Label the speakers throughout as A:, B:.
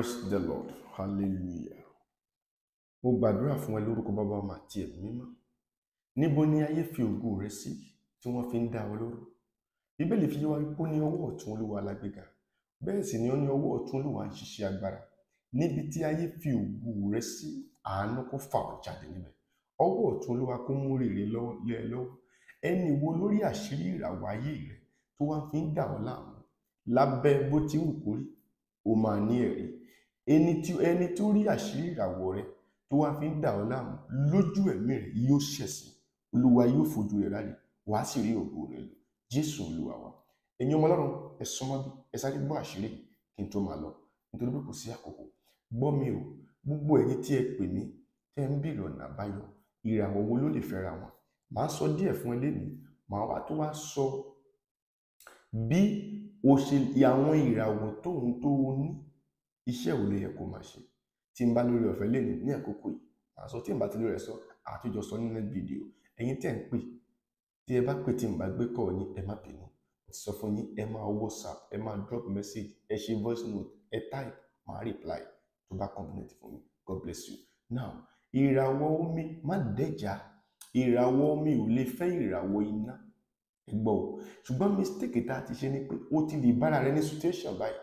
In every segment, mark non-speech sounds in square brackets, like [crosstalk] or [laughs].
A: Praise the Lord. Hallelujah. Mo gbàdúrà fún ẹ lórúkọ bàbá ọmọ àti ẹ̀mí mímọ́. Níbo ni ayé fi ògo rẹ sí tí wọ́n fi ń dá ọ lóró? Bíbélì fi yé wa wípé ó ní ọwọ́ ọ̀tún Olúwa lágbéga. Bẹ́ẹ̀ sì ni ó ní ọwọ́ ọ̀tún Olúwa ń ṣiṣẹ́ agbára. Níbi tí ayé fi ògo rẹ sí, àánú kó fà ọ́ jáde níbẹ̀. Ọwọ́ ọ̀tún Olúwa kó mú rere lé ẹ lọ́wọ́. Ẹni wo lórí àṣírí ìràwọ̀ ayé rẹ tó wá fi ń dà ọ́ láàmú? Lábẹ́ bó ti wù kó ó máa ní ẹ̀rí ẹni tí ẹni tó rí àṣírí ìràwọ̀ rẹ tó wá fi ń dà ọ́ láàmú lójú ẹ̀mí rẹ yóò ṣẹ̀sìn olúwa yóò fojú rẹ rálẹ̀ wàá sì rí ògo rẹ lò jésù olúwa wa ẹ̀yin ọmọ ọlọ́run ẹ súnmọ́ bí ẹ sáré gbọ́ àṣírí kí n tó máa lọ nítorí pé kò sí àkókò gbọ́ mi o gbogbo ẹ̀yin tí ẹ pè mí tẹ́ ń bèèrè ọ̀nà àbáyọ ìràwọ̀ wo ló lè fẹ́ra wọn màá sọ díẹ̀ fún ẹ màá wá tó wá sọ bí o ṣe àwọn ìràwọ tóhun tó o ní iṣẹ wo ló yẹ kó máa ṣe tí n bá lórí ọfẹ lẹni ní àkókò yìí màá sọ tí n bá ti lórí ẹ sọ àtijọ sọ nínú fídíò ẹyin tẹ ń pè tí ẹ bá pè tí n bá gbé kọ yín ẹ má bínú sọ fún yín ẹ máa whatsapp ẹ máa drop message ẹ ṣe voice note ẹ type màá reply tó bá compliment fún mi god bless you now ìràwọ omi má dẹjà ìràwọ omi ò lè fẹ ìràwọ iná ẹgbọ́ o ṣùgbọ́n mistake tá a ti ṣe ni pé o ti lè bára rẹ ní situation báyìí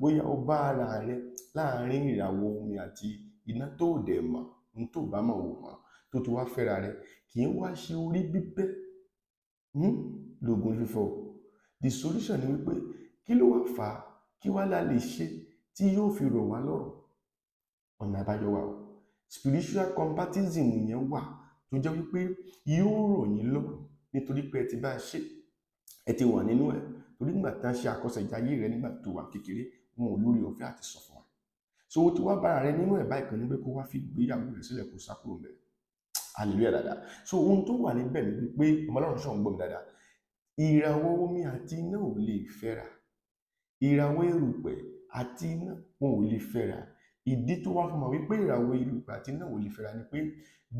A: bóyá o bá ara rẹ láàrin ìràwọ̀ omi àti iná tó dẹ̀ mọ̀ ní tó bá mọ̀ wò mọ́ tó ti wá fẹ́ra rẹ kì í wá ṣe orí bíbẹ́ hmm? lóògùn fífọ́ the solution ni wípé kí ló wá fà á kí wá la lè ṣe tí yóò fi rọ̀ wá lọ́rùn ọ̀nà àbáyọ wa o spiritual compatibilism yẹn wà tó jẹ́ wípé yóò rọ̀ yín lọ́rùn nítorí pé ẹ ti bá a ṣe ẹ ti wà nínú ẹ̀ torí nígbà tá a ṣe àkọsẹ̀jáyé rẹ nígbà tó wà kékeré wọn ò lórí ọ̀fẹ́ àti sọ fún wa so o ti wá bára rẹ nínú ẹ̀ báyìí kan ní pé kó wá fi ìgbéyàwó rẹ sílẹ̀ kó sá kúrò mẹ́rin hallelujah dada so ohun tó wà níbẹ̀ ni pé ọmọ ọlọ́run ń gbọ́ mi dada ìràwọ̀ omi àti iná ò lè fẹ́ra ìràwọ̀ erùpẹ̀ àti iná wọn ò lè fẹ́ra ìdí tó wá fún wa wípé ìràwọ̀ erùpẹ̀ àti iná ò lè fẹ́ra ni pé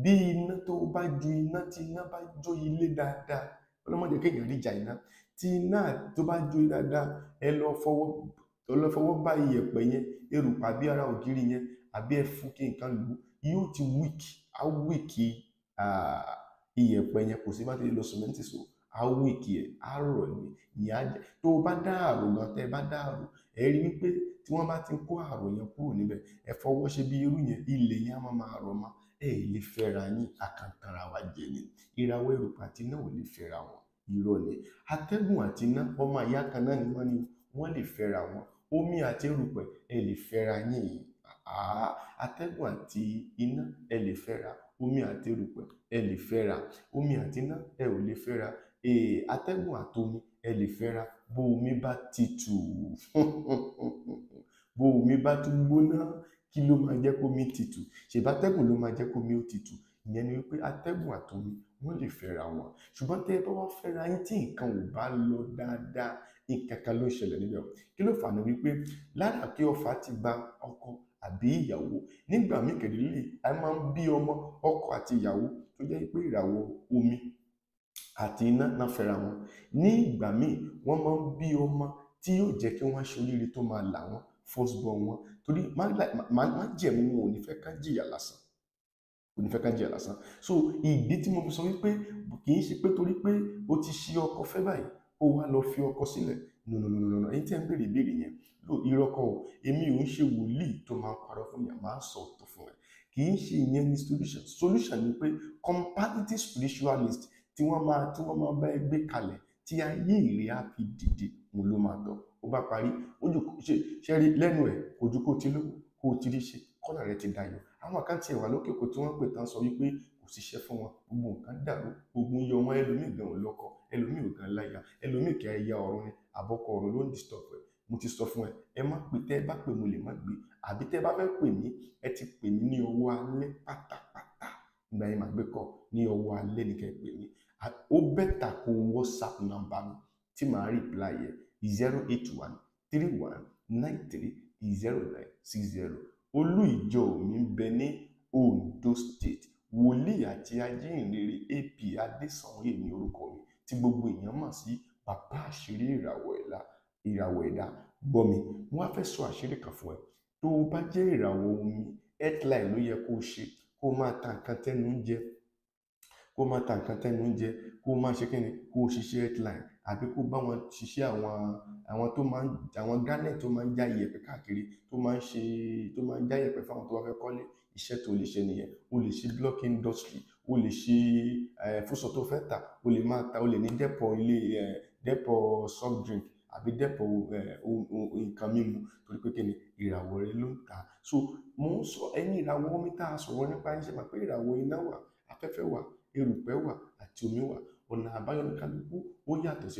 A: bí iná tó bá ju iná tí iná bá jó ilé dáadáa ọlọ́mọdé kéèyàn rí ìjà iná tí iná tó bá jó dáadáa ẹ lọ fọwọ́ lọ fọwọ́ bá iyẹ̀pẹ̀ yẹn erùpẹ̀ àbí ara ògiri yẹn àbí ẹ fún kí nǹkan lù ú yóò ti wíìkì á wíìkì iyẹ̀pẹ̀ yẹn kò sí bá ti lọ sìmẹ́ǹtì so á wíìkì ẹ̀ á rọ̀ ní ìyá jẹ tó o bá dá àrò gan tẹ́ ẹ bá dá àrò ẹ rí wípé tí wọ́n bá ti kó àrò yẹn kúrò níbẹ̀ ẹ fọwọ́ ṣe bí irú yẹn ilẹ̀ yẹn á máa máa rọ̀ máa ẹ ẹ lè fẹ́ra yín àkàntara wa jẹ ni ìràwọ̀ erùpẹ̀ àti iná ò lè fẹ́ra wọn irọ́ ni atẹ́gùn àti iná ọmọ àyá kan náà ni wọ́n ní wọ́n lè fẹ́ra wọn omi àti erùpẹ̀ ẹ lè fẹ́ra yín yìí atẹ́gùn àti iná ẹ lè fẹ́ra omi àti erùpẹ̀ ẹ lè fẹ́ra omi àti iná ẹ ò lè fẹ́ra atẹ́gùn àtomi ẹ lè fẹ́ra bó omi bá ti tù [laughs] bó omi bá tún gbóná kí ló máa jẹ́ kómi tutù ṣèbátẹ́gùn ló máa jẹ́ kómi ó tutù ìyẹn ni wípé atẹ́gùn àtomi wọ́n lè fẹ́ra wọn ṣùgbọ́n tẹ́ ẹ bá wá fẹ́ra yín tí nǹkan ò bá lọ dáadáa nǹkan kan ló ń ṣẹlẹ̀ níbẹ̀ kí ló fà ní wípé lára kí ọfà ti gba ọkọ àbí ìyàwó nígbà míì kẹ̀dínlẹ̀ a máa ń bí ọmọ ọkọ àti ìyàwó tó jẹ́ pé ìràwọ̀ omi àti iná náà fẹ́ra wọn ní ìgbà míì wọ́n máa ń bí ọmọ tí yóò jẹ́ kí wọ́n ṣoríire tó máa là wọ́n firstborn wọn torí má jẹ̀mú wọn ò ní fẹ́ ká jìyà lásán ò ní fẹ́ ká jìyà lásán so ìdí tí mo fi sọ wípé kì í ṣe pé torí pé o ti ṣe ọkọ fẹ́ báyìí ó wá lọ fi ọkọ sílẹ̀ nùnùnùnùnù èyí tí ẹ ń béèrè ìbéèrè yẹn ló ìrọkọ o èmi ò ń ṣe wòlíì tó máa ń parọ́ fún yàn máa ń sọ òótọ́ fún ẹ kì í ṣe ìyẹn ní solution solution ni pé comparative spiritualist tí wọ́n máa tí wọ́n máa bá ẹ kalẹ̀ tí ayé ìrè á fi dìde mo ló máa gan ó bá parí ojú ṣe ṣe rí lẹ́nu ẹ̀ ojú kò ti lówó kó o ti rí ṣe kọ́là rẹ ti dayọ̀ àwọn àkáǹtì ẹ̀wà lókè kò tí wọ́n pè tán sọ wípé kò síṣẹ́ fún wọn gbogbo nǹkan dàrú gbogbo ń yọ wọn ẹlòmíì gan ò ẹlòmíì gan láya ẹlòmíì kì í ya ni àbọ̀kọ ọ̀run ló ń disturb ẹ̀ mo ti sọ fún ẹ ẹ má pè tẹ́ ẹ bá pè mo lè má gbé àbí tẹ́ ẹ bá fẹ́ pè mí ẹ ti pè mí ní ọwọ́ alẹ́ pátápátá ìgbà yẹn màá gbé kọ ní ọwọ́ alẹ́ nìkan ẹ pè mí ó bẹ́tà kó whatsapp nọ́mbà mi tí màá reply yẹ zero eight one three one nine three zero nine six zero olú ìjọ mi ń bẹ ní Ondo State wòlíì àti ajínrere ap adésànyè ní orúkọ mi tí gbogbo èèyàn mọ̀ sí bàbá àṣírí ìràwọ̀ ẹ̀dá ìràwọ̀ ẹ̀dá gbọ́ mi wọ́n á fẹ́ sọ àṣírí kan fún ẹ tó o bá jẹ́ ìràwọ̀ omi headline ló yẹ kó o ṣe kó o máa ta nǹkan tẹ́nu ń jẹ kó má ta nǹkan tẹ́nu ń jẹ kó má ṣe kíni kó ṣiṣẹ́ headline àbí kó bá wọn ṣiṣẹ́ àwọn àwọn tó máa ń àwọn granite tó máa ń já iyẹ̀pẹ̀ káàkiri tó máa ń ṣe tó máa ń já iyẹ̀pẹ̀ fáwọn tó bá fẹ́ kọ́lé iṣẹ́ tó lè ṣe nìyẹn o lè ṣe block industry o lè ṣe eh, fúsọ tó fẹ́ tà o lè máa ta o lè ní dẹ́pọ̀ ilé eh, dẹ́pọ̀ soft drink àbí dẹ́pọ̀ eh, nǹkan mímu torí pé kí ni ìràwọ̀ rẹ ló ń ta so mo ń sọ ẹni ìràwọ̀ omi tá a sọ̀rọ̀ nípa yín ṣe máa pé ìràwọ̀ iná wà afẹ́fẹ́ wà erùpẹ̀ wà àti omi wà ọ̀nà àbáyọ ní kálukú ó yàtọ̀ sí